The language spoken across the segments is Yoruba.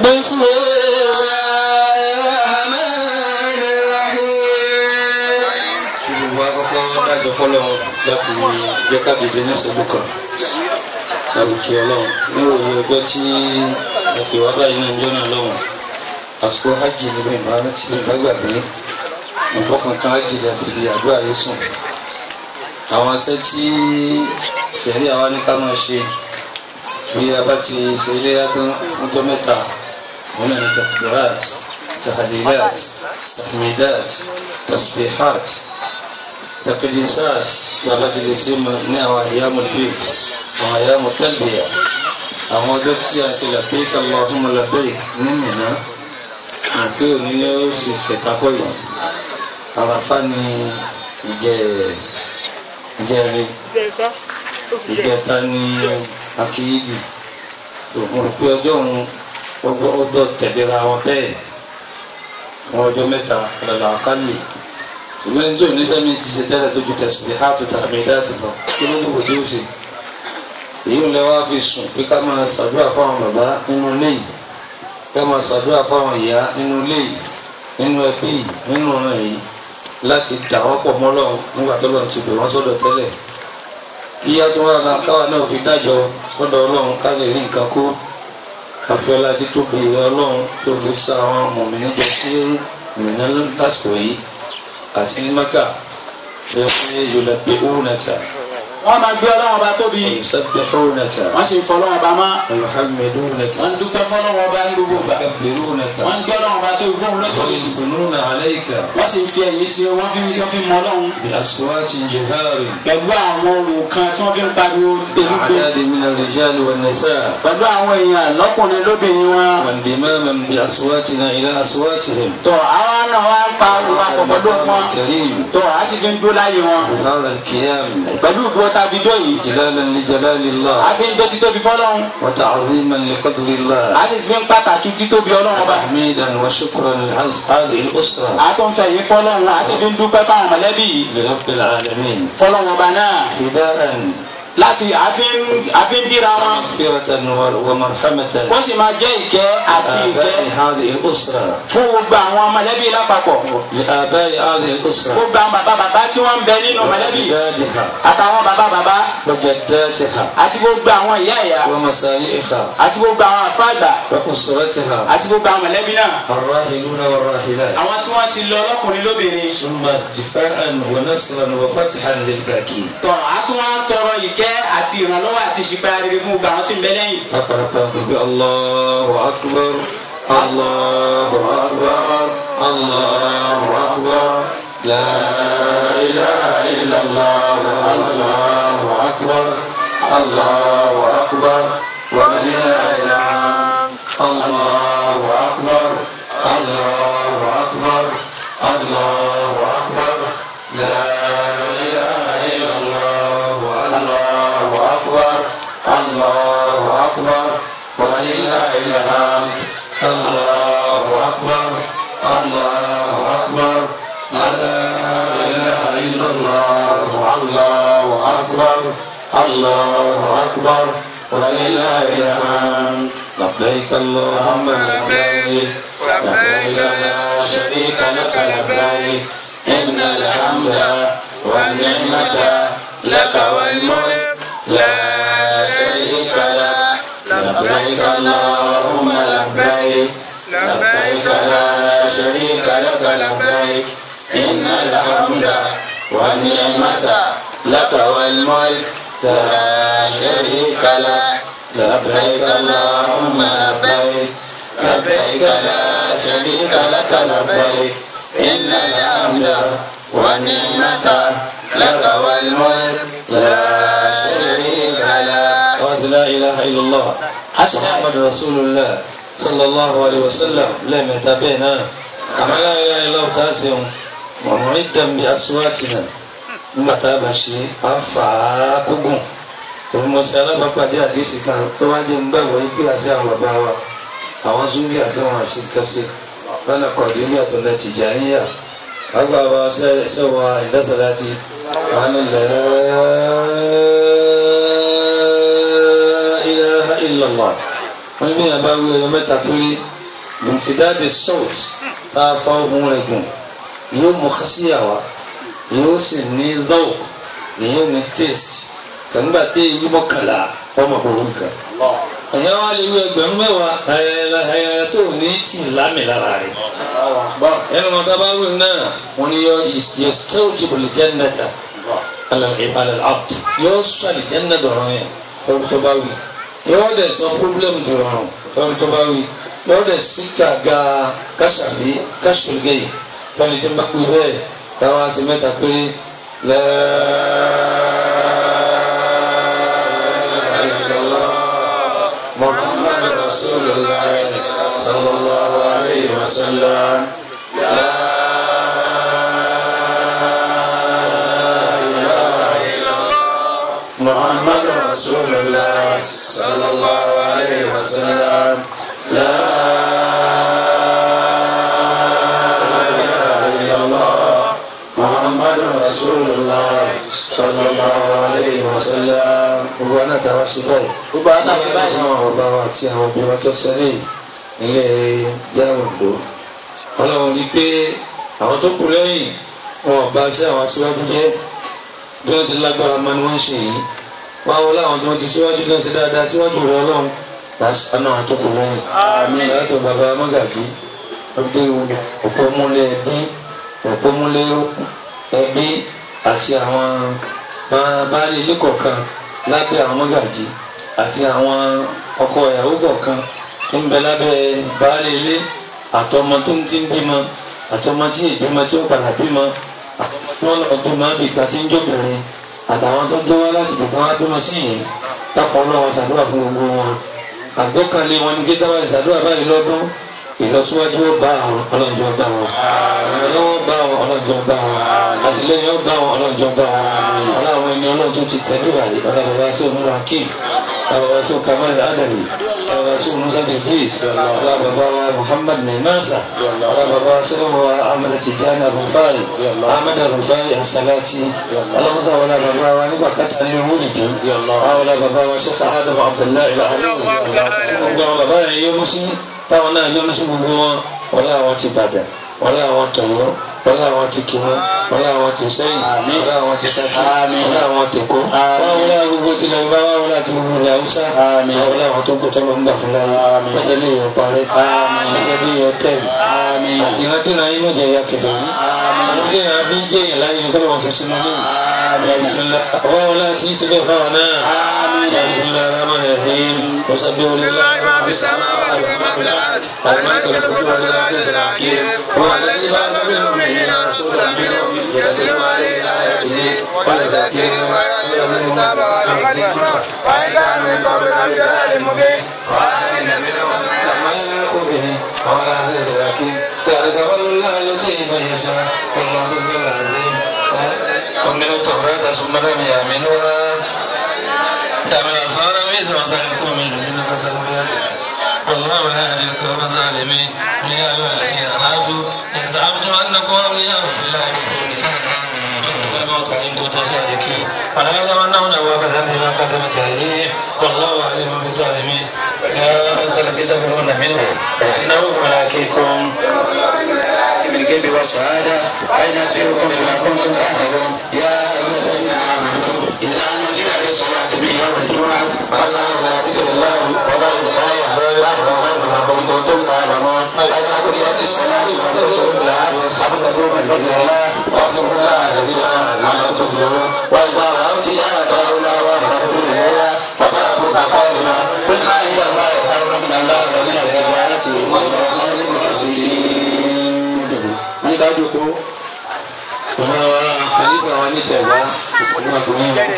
بسم الله الرحمن الرحيم kí gbogbo akọ́kọ́ dájọ́ fọ́lọ́ láti jẹ́ ká dìde ní ìṣẹ́jú kan àròkè ọlọ́run ní òye ọjọ́ tí ẹ̀pẹ̀ wá báyìí ní ọjọ́ náà lọ́wọ́ àsìkò hajj ní bẹ́ẹ̀ bá rántí ní ìbágbàgbé nǹkan kankan hajj lè fi àdúrà yìí sùn àwọn asẹ́ tí sẹ̀rí àwa ní ká máa ṣe bí a ti ṣe ilé tó ń tọ́ mẹ́ta. ومن تكبيرات تهليلات تحميدات تسبيحات تقديسات التي يسمونها أيام البيت وأيام التلبية àwọn ọjọ́ tí a ṣe làbẹ́ẹ̀kì Allahumma làbẹ́ẹ̀kì ní Mínà àpé òní ni ó sì kẹta kọ́ yìí àràfà ni ìjẹ ni àkìyídì òun pé ọjọ́ gbogbo ó dọ̀ tẹ̀léra wọn bẹ́ẹ̀ àwọn ọjọ́ mẹ́ta ọ̀dọ̀dọ̀ àkálì ṣùgbọ́n ẹni tí ò ní sẹ́mi ti ṣe tẹ́lẹ̀ tó ju tẹ̀sílẹ̀ há tó tàbí láti lọ kí ló dìbò tí ó ṣe èyí ń lẹ wá fi sùn pé ká máa ṣàdúrà fáwọn bàbá nínú ilé yìí ká máa ṣàdúrà fáwọn ìyá nínú ilé yìí nínú ẹbí yìí nínú ọ̀ràn yìí láti dà wọ́n pọ̀ mọ́ nígbà tó lọ́n ti bẹ̀ sọ́dọ̀ tẹ́lẹ̀ kí á tún wá káwa náà fi dájọ́ lọ́dọ̀ Ọlọ́run ká lè rí nǹkan kó afẹ́lá títóbi ìwé ọlọ́run tó fi sá àwọn mọ̀mìnì jọ sí mọ̀mìnì lásìkò yìí àti mẹ́kà tó yẹ pé yóò lọ pé ó náà tà wọ́n máa gbé ọlọ́wọ́n bá tóbi. yusabbihunaka. wọ́n sì fọ́ ọlọ́wọ́n bá má. yuhamidunaka. wọ́n dúpẹ́ fọlọ́wọ́n bá ń gbogbo gbà. yukabbirunaka. wọ́n gbé ọlọ́wọ́n bá tóbi fún lọ́tọ̀ọ́. yusununa alayka. wọ́n sì fi ẹ̀yìn sí wọ́n fi wọ́n fi mọ ọlọ́run. bi aswatin jihari. pẹ̀lú àwọn ohùn tí wọ́n fi ń pariwo tẹ̀lú pé. àdáde min ar-rijal wan-nisa. pẹ̀lú àwọn èèyàn lọ́kùnrin lóbìnrin wọn. wandimaman tá a fi dó yìí. jalalan li jalalillah. a fi ń dó títóbi fọlọ́run. wa ta'ziman li qadrillah. a lè fi ń pàtàkì títóbi ọlọ́run ọba. hamidan wa shukran hadhihi al-usra. a tó ń fẹ́ yìí fọlọ́run a sì fi ń dúpẹ́ fáwọn mọ̀lẹ́bí. li rabbil alamin. fọlọ́run ọba náà. fidaan láti àfin bíra wọn. wọ́n sì máa jẹ́ ìkẹ́ àti ìkẹ́ fún gbogbo àwọn mọ̀lẹ́bí lápapọ̀. gbogbo àwọn bàbá bàbá tí wọ́n ń bẹ nínú mọ̀lẹ́bí àtàwọn bàbá bàbá àti gbogbo àwọn ìyá ìyá àti gbogbo àwọn àfáàgbà àti gbogbo àwọn mọ̀lẹ́bí náà. àwọn tí wọ́n ti lọ lọ́kùnrin lóbìnrin. tọ́ a tún wá tọrọ ìkẹ́ àti ìrànlọ́wọ́ àti ìṣìpẹ̀ arere fún gbogbo àwọn tí ń bẹ lẹ́yìn. Allahu akbar Allahu akbar Allahu akbar la ilaha illallah Allahu akbar Allahu akbar wa lillahi alhamd Allahu akbar Allahu akbar Allahu. أكبر الله أكبر لا إله إلا الله الله أكبر الله أكبر ولله الحمد لبيك اللهم لبيك لبيك لا شريك لك لبيك إن الحمد والنعمة لك والملك لا شريك لك لبيك الله شريك لا شريك لك لبيك إن الحمد والنعمة لك والملك لا شريك لك لبيك اللهم لبيك لبيك لا شريك لك لبيك إن الحمد والنعمة لك والملك لا شريك لك لا إله إلا الله محمد رسول الله sallallahu alayhi wa sallam lẹ́ẹ̀mẹ́ta bẹ́ẹ̀ náà àmọ́ láyé lọ́wọ́ tá a ṣeun mọ̀mọ́rí dàmí aṣíwájú náà nígbà tá a bá ṣe á fà á kógùn tòun mo ṣe alábàápàdé àdìsí kan tó wá dé nígbàgbọ́ ibi àti àwọn bàbá wa àwọn zúlì àti àwọn àṣetọ́sí lọ́nà kọ̀ọ̀dúnlẹ̀ tó lẹ́ tìjàníyà àgbà wa sẹ́wà ìdásàlátì wọn lẹ́ẹ̀ẹ́ ilaha illallah wọ́n ní bíyàn bá wí ẹyọ mẹ́ta péré mùtìdáde salt tá a fa ohun rẹ̀ gùn yóò mú kásíyà wá yóò sì ní dọ́ọ̀ yóò ní taste kànígbà tí èyí mọ́kànlá ọmọ òwò kan ẹ̀yẹ́ wá lè wí ẹgbẹ̀rún mẹ́wàá ẹ̀yẹ tó ní tì lámì lára rẹ̀ ẹnu wọn tábà wí náà wọn ni yọ yastawjibu al-jannata ala al-abd yọ sọ àlìjẹ́ náà yẹn ọ̀rọ̀ tó bá wí yóò dẹ̀ sọ problem dùrọ̀rùn fẹ́mi tó bá wí yóò dẹ̀ sí tàga káṣàfi káṣùlùgẹ̀ yìí fẹ́mi tí ń bẹ́ẹ̀ táwọn àti mẹ́ta péré lẹ́ẹ̀ẹ́. رسول الله صلى الله عليه وسلم لا رسول الله صلى الله عليه وسلم gbogbo àná tàwa sí báyìí gbogbo àná sí báyìí àwọn ọba wa àti àwọn òbí wa tó ṣẹlẹ̀ nílẹ̀ jáwèndó Ọlọ́run rí pé àwọn tó kù lẹ́yìn wọn ọba sí àwọn aṣíwájú jẹ bí wọn ti lágbára máa ni wọn ń ṣe yìí wáwo láwọn tí wọ́n ti síwájú tó ń ṣe dáadáa síwájú rẹ ọlọ́run lásán náà tó kù lẹ́yìn. àmín látọ̀ bàbá mọ́gàjì ọdẹ òpómúlẹ̀ ẹbí òpómúlẹ̀ ẹbí àti àwọn baálé ilé kọ̀ọ̀kan lábẹ́ àwọn mọ́gàjì àti àwọn ọkọ ìyàwó kọ̀ọ̀kan tó ń bẹ lábẹ́ baálé ilé àtọmọ tó ń ti ń bímọ àtọmọ tí ìbímọ tí ó padà bímọ àtọmọ tí wọ́n lọ bímọ bíi tàtí ń jókòó àtàwọn tó dọ́wọ́ láti bùkún wá bímọ sí yìí láfọ̀ọ́ lọ́wọ́ ṣàdúrà fún gbogbo wọn àgbọ́kànlé wọn ní kíkà báyìí ṣàdúrà báyìí lọ́dún ìlọsíwájú ó bá àwọn ọlọ́njọ́ bá wọn ìrànlọ́wọ́ bá àwọn ọlọ́njọ́ bá wọn àtìlẹ́yìn ó bá àwọn ọlọ́njọ́ bá wọn ọlọ́run ẹni ọlọ́run ti tẹ̀lé wà ní wá sí òmùra kíì ẹwàṣọ kamal adami ẹwàṣọ musa idris ọlá bàbá wa muhammad mimasa ọlá bàbá sọlọmọ wa amadu tijani arufai amadu arufai asalati ọlọmọsá wọlá bàbá wa nígbà kátà nínú wúlìdì ọlá bàbá wa sọsọ adamu abdullahi alhamdulilayi ọlá bàbá yẹn yọmú sí táwọn náà yọmú sí gbogbo wọn ọlá àwọn ti bàdà ọlá àwọn tọ̀yọ́ wọn làwọn ti kìnnú wọn làwọn ti sẹ́yìn wọn làwọn ti saki wọn làwọn ti kó wọn wọn làwọn gbogbo tilẹ̀ bá wọn wọn láti wù ní haúsá wọn làwọn tó gbọtọ lọ ń gbà fún láyé wọn jẹ léyìn ọparẹ wọn jẹ léyìn ọtẹlẹ àti wọn dènà ayé wọn jẹ ya kẹfẹ yìí wọn dènà bí ń jẹ yẹn láyé wọn kọ́ wọn fi sinmi lẹ́yìn wọn wọn láti síbẹ̀ fáwọn náà. بسم الله الرحمن الرحيم وسبحوا لله ما في السماوات وما في الارض الملك القدوس العزيز الحكيم هو الذي بعث منهم Un a Ya بنيات الصلاة والنشر لها أبدا من فضل الله واغفر الله الذي على تفلحون وإذا رأوا تجارة أولى وتركوا إليها وتركوك قائما قل ما إلى الله خير من الله الذي تجارته وإلى خير المرسلين. Ní dájú kó ìmọ̀ àkàlífà wa ní tẹ̀gbá ìṣẹ́jú àkùnrin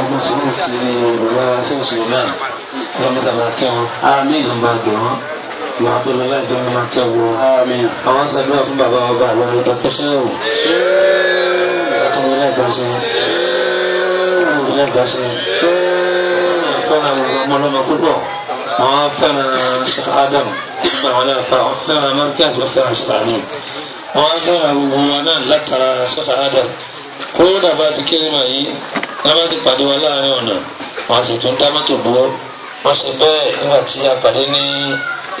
ọmọ sùúrù ti ìrora sóòsù náà lọ́mọ sábà kẹ́ wọn. Àmín ìlú máa dùn wọn ìwà tó lọ láì dán máa kẹ́ wọ. àwọn sàdúrà fún bàbá ọba àlọ́lọ́ tó pẹ́sẹ́ o. ìwà tó lọ láì dán sí. ìwà tó lọ láì dán sí. Adam àwọn náà fa àwọn fẹ́ràn Markaz wọ́n fẹ́ràn sàánù. àwọn fẹ́ràn gbogbo wọn náà látara Sheikh Adam kó dàbá ti kéré màá yí dàbá ti pàdé wa láàrin ọ̀nà wọn sì tún dá mọ́tò dúró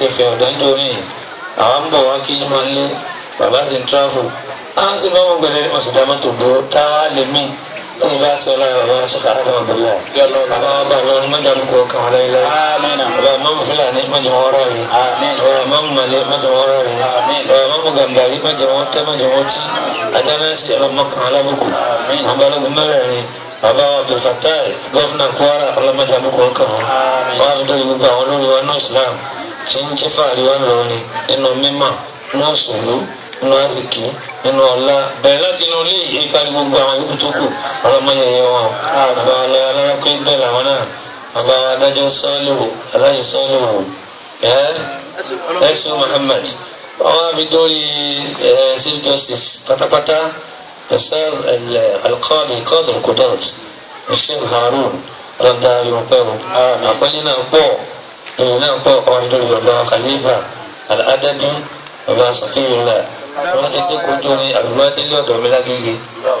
ẹsẹ̀ ọ̀dọ́ ń dórí yìí àwọn ń bọ̀ wá kí ní wọn lé bàbá sì ń tíráfù á ń sìn báwọn gbẹlẹ wọn sì dá mọ́tò dúró táwa lè mí ní bá sọ la bàbá sọkà àdá ọ̀dọ́lá bàbá bá lọ ní mọ́jà ń kó kàn wọ́n láyé láyé bàbá mọ́mú fúlàní mọ́jà wọ́n rà rè bàbá mọ́mú malẹ̀ mọ́jà wọ́n rà rè bàbá mọ́mú gàmbàrí mọ́jà wọ́n tẹ́ mọ́jà wọ́n tí àdánáàsì ọlọ́mọkàn alábùkù àbálògùn mẹ́rẹ̀ẹ̀rin bàbá Abdulfatai gọ́fúnà Kwara ọlọ́mọdé àbùkù ọkàn wọn wọ́n á fi dọ́jú gbogbo àwọn olórí wa náà Islam ṣe ń jẹ́ fàárí wá lọ ni nínú mímọ̀ nínú òṣèlú nínú àzìkí nínú ọlá bẹ̀rẹ̀ láti inú ilé yìí kárí gbogbo àwọn yòókù tó kù ọlọ́mọ yẹyẹ wọn àbá alára pé bẹ́ẹ̀ làwọn náà bàbá adájọ́ sọ́ọ́lùwò aláyè sọ́ọ́lùwò ẹ́ ẹ̀sùn Muhammad ọwọ́ àbídórí civil justice pátápátá ẹ̀sán alqadi Qadir Qudat ẹ̀sìn Harun rẹ̀ dáa yóò pẹ̀rù àpẹẹrẹ náà pọ̀ èèyàn náà pọ̀ ọ̀hún lórí bàbá khalifa al-adabi bàbá sọfíìlà wọ́n ti dé kojú omi àbúrádélé ọ̀dọ̀ mi lágége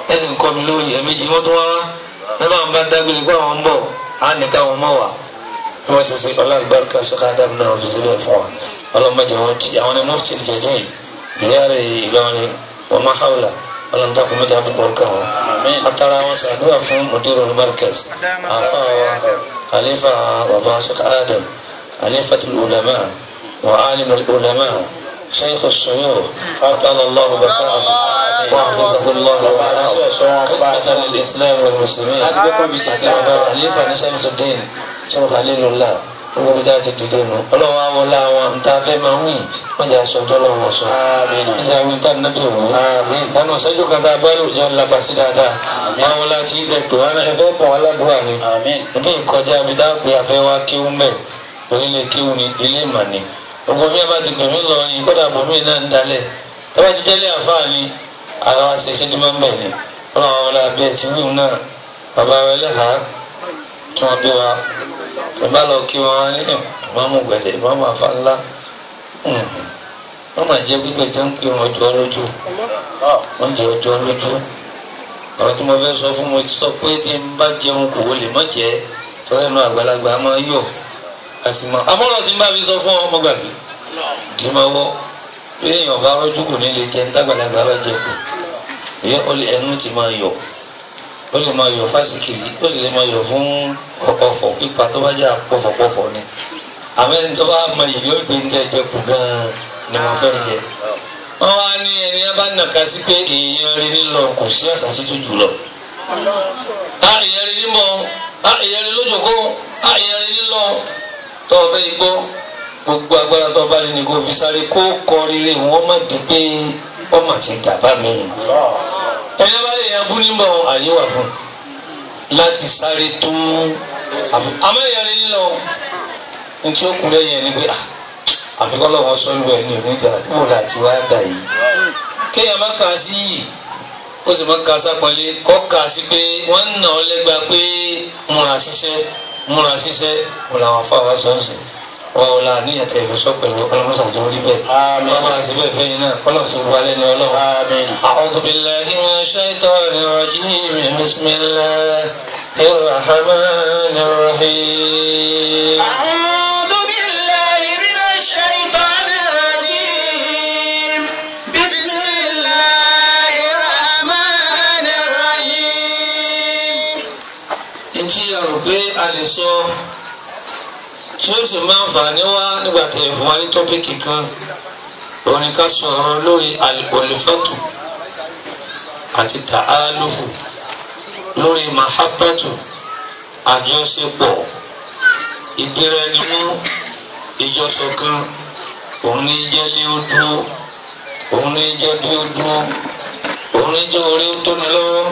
ẹ sì ń kọ́ mi lórí ẹ̀mejì wọ́n tún wá wọ́n náà bá dágbére pé àwọn ń bọ̀ á ní káwọn mọ̀ wá bí wọ́n ti ṣe ọlọ́àgbàlùkà sọ́kà ádámù náà fi síbẹ̀ fún wa ọlọ́mọdé wọn ti àwọn ni mufti jẹ̀dí ìyáàrẹ̀ ìlọrin wọn máa hàwùlà ọlọ́ntakùn mi dábò kọ́ kàn wọ́n atara wọn sàdúrà fún mọ̀dúró markaz àfáà wa khalifa bàbá sọ́kà ádámù خليفة العلماء وعالم العلماء شيخ الشيوخ عطل الله بشره وحفظه الله وعافاه خدمة للإسلام والمسلمين خليفة شمس الدين شيخ خليل الله owó bí dáa ti dìde nù ọlọ́wọ́ àwọn ọlá àwọn nta fẹ́ máa ń wìn wọ́n jà sọ dọ́lọ́ wọn sọ ẹ̀yà wí tá nàbí wò lánà sẹ́jú kan tá a bá lòjọ́ lápá sí dáadáa àwọn ọlá ti ilẹ̀ pè wọ́n ẹ pọ̀ aládùúgbò àná ìdí ìkọjá mi dáa pé a fẹ́ wá kí ó mẹ́rin torí ilé kíwù ni ilé ìmọ̀ ni gbogbo bí ẹ bá ti pèmí lọ yìí kódà bòmí náà ń dalẹ̀ ẹ bá ti jẹ́lé àfáà ni ara wa ṣe ṣẹ́ni máa ń bẹ̀ ni wọn àwọn ọmọdé abẹ́ ti wíwù náà bàbá rẹ lẹ́hàá tí wọ́n bí wa ẹ bá lọ kí wọn ní ìmọ̀mù gbẹ̀dẹ̀ ìmọ̀mù afá ńlá wọ́n jẹ́ gbígbẹ̀ tí wọ́n pè wọn ọjọ́ lójú wọ́n jẹ́ ọjọ́ lójú ọ̀rọ̀ tí mo fẹ́ sọ fún mo sọ pé tí n bá jẹun kò wọlé mọ́ jẹ́ tọ́lẹ́nu àgbàlagbà máa yọ̀ àsìmọ́ amọ́ràn tí n bá fi sọ fún ọmọ gbàgbé kì í máa wọ́ pé èèyàn bá rọ́jú kò ní lè jẹ ntàgbàlagbà bá jẹ kù èyí ọlẹ ẹnu ti máa yọ ó lè máa yọ fásikìlì ó sì lè máa yọ fún ọ̀fọ̀ pípa tó bá jẹ àpọ̀fọ̀pọ̀fọ̀ ni àmẹ́ni tó bá mọ ìlú ìpè ń jẹ jẹ kù gan-an ni wọ́n fẹ́ jẹ wọ́n wá ní ẹni ẹ bá nàka sí pé èèyàn rí nílọ kò sí àṣà sí tó jù lọ a èèyàn rí nímọ̀ a èèyàn rí lójòkó a èèyàn rí nílọ tọ́ ọ bẹ́ẹ̀ gbọ́ gbogbo agbára tó bá ní ni kò fi sáré kó kọrin lé wọn má di pé ọmọ ti dàbá mi. ẹni bá lè yan búnímọ̀ àyè wà fún láti sáré tó amẹ́yẹrẹ nílọ ntí ó kúrẹ́ yẹn ni pé ah, àfikọ́ lọ́wọ́ sọ́nù ẹ̀ ní onídàá kúrò láti wá dà yìí. kéèyàn má kà á sí yìí ó sì má kà á sápẹ́lẹ́ kọ́ kà á sí pé wọ́n ń nà ọ́ lẹ́gbàá pé múra ṣiṣẹ́ múra ṣiṣẹ́ ọ̀là àwọn afáwà sọ́ọ̀sì ọ̀la ní ẹ̀tẹ̀ ìfẹsọ̀ pẹ̀lú ọlọ́mọṣà tó rí bẹ́ẹ̀. àmín ọba àti bẹ́ẹ̀ fẹ́ náà kọ́lọ̀ sí wa lẹ́nu ọlọ́run. àmín. a'udhu billahi minash shaitanir rajim bismillahir rahmanir rahim. èso tí ó sì máa ń fà ní wá nígbà tí ẹ̀fọn wá ní tọ́pìkì kan òun ni ká sọ̀rọ̀ lórí àlùfẹ́tù àti tààlùfù lórí màhábàtù àjọṣepọ̀ ìdírẹ́nimú ìjọsọ̀kan òun ní jẹ́ lé ó dúró òun ní jẹ́ bí ó dúró òun ní jẹ́ orí ó tóni lọ́wọ́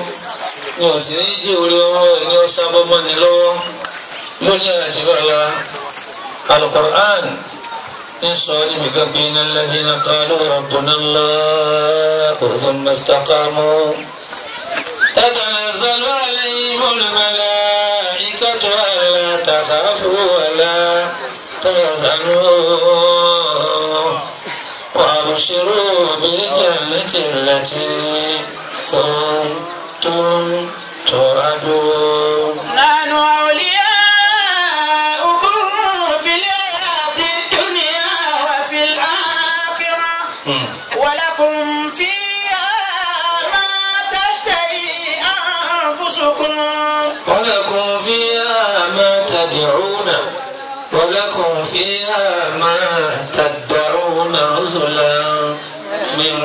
ni òsì ní jẹ́ orí ọwọ́ ẹ̀ ní ó sábọ́ lọ́wọ́. lónìí àti báyà alukur'an ń sọ níbi kan pé iná lẹ́yìn qalu rabbuna Allah thumma istaqamu. تتنزل عليهم الملائكة ألا تخافوا ولا تحزنوا وابشروا بالجنة التي كنتم توعدون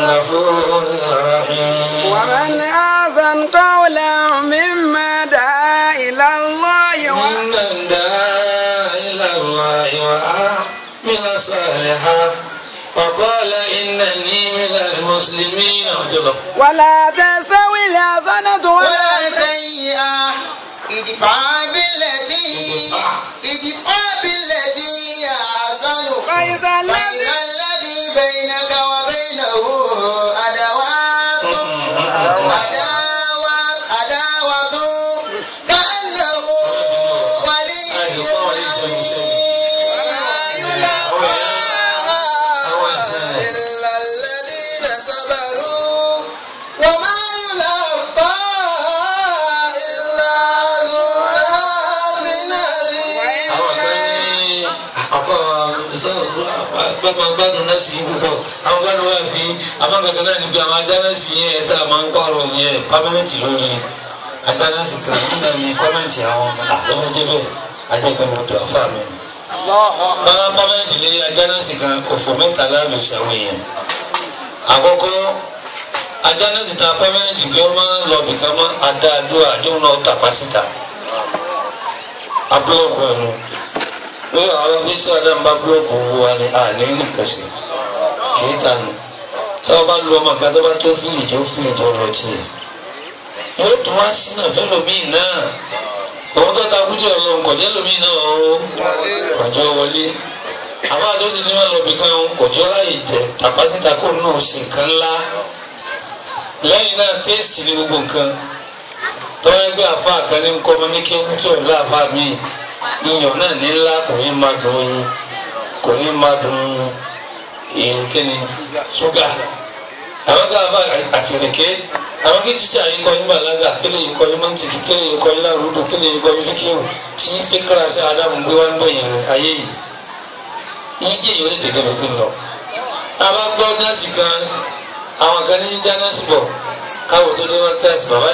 غفور رحيم ومن أحسن قولا مما دعا إلى الله ومن دعا إلى الله وعمل صالحا وقال إنني من المسلمين ولا تستوي الحسنة ولا سيئة ادفع بالتي ادفع بالتي يا فإذا الذي بينك وبينك àwọn gbàdúrà wá sí abákankan náà níbi àwọn ajánásì yẹn ẹ̀ tá a máa ń pààrọ̀ yẹn pámẹ́nẹ́tì lórí ajánásì kan nígbà mi kọ́mẹ́ǹtì àwọn àlọ́mọdé ah, bẹ́ẹ̀ ajẹ́gbẹ̀mọ tó afá mi. báwa pámẹ́ǹtì lórí ajánásì kan òfò mẹ́ta láàbù sẹ́wọ̀n yẹn àkọ́kọ́ ajánásì ta pámẹ́ǹtì bí wọ́n máa ń lọ bìkan mọ́ adáadúrà àdéhùn náà tàpá síta abúlọ̀kù ẹnu pé àwọn oníṣẹ́ ọ̀dà ń bá búlọ̀kù wo wa ni àní nìkan sí i ṣe dànù táwọn bá lu ọmọ kan tó bá tó fún ìjọ fún ìjọ lọ tiẹ̀ yóò tún wá sí náà fẹ́lòmíì náà òun tó ta kújẹ Ọlọ́run kọjá lómi náà o kọjọ wọlé àwọn àtúnṣe ni wọn lọ bí kan kọjọ láyè jẹ tàpá síta kó náà sì nǹkan ńlá lẹ́yìn náà téèsì ní gbogbo nǹkan tọ́wọ́ ẹgbẹ́ àfáà kan ní kọ́ ọmọ ní kí wọ́n tó ńlá àfáà mi iyàn náà ní ńlá kò ní máa dùn kò ní máa dùn ìyẹnkẹni ṣúgà àwọn ká bá àtìrìkẹ àwọn kí jíjà yìí kọ yín bàlágà kílè yìí kọ yín mọ́ntìkì kílè yìí kọ yín lárúdù kílè yìí kọ yín fíkìrù tí fíkìrà sí adamu gbé wá ń gbẹ̀yìn rẹ̀ ayé yìí yìí jẹ́ ìwé tètè lọ sí lọ. àbá gbọ́ nọ́ọ̀sì kan àwọn kan ní dáná sí bọ̀ káwọ̀ tó dé wọ́n tẹ̀sí bàbá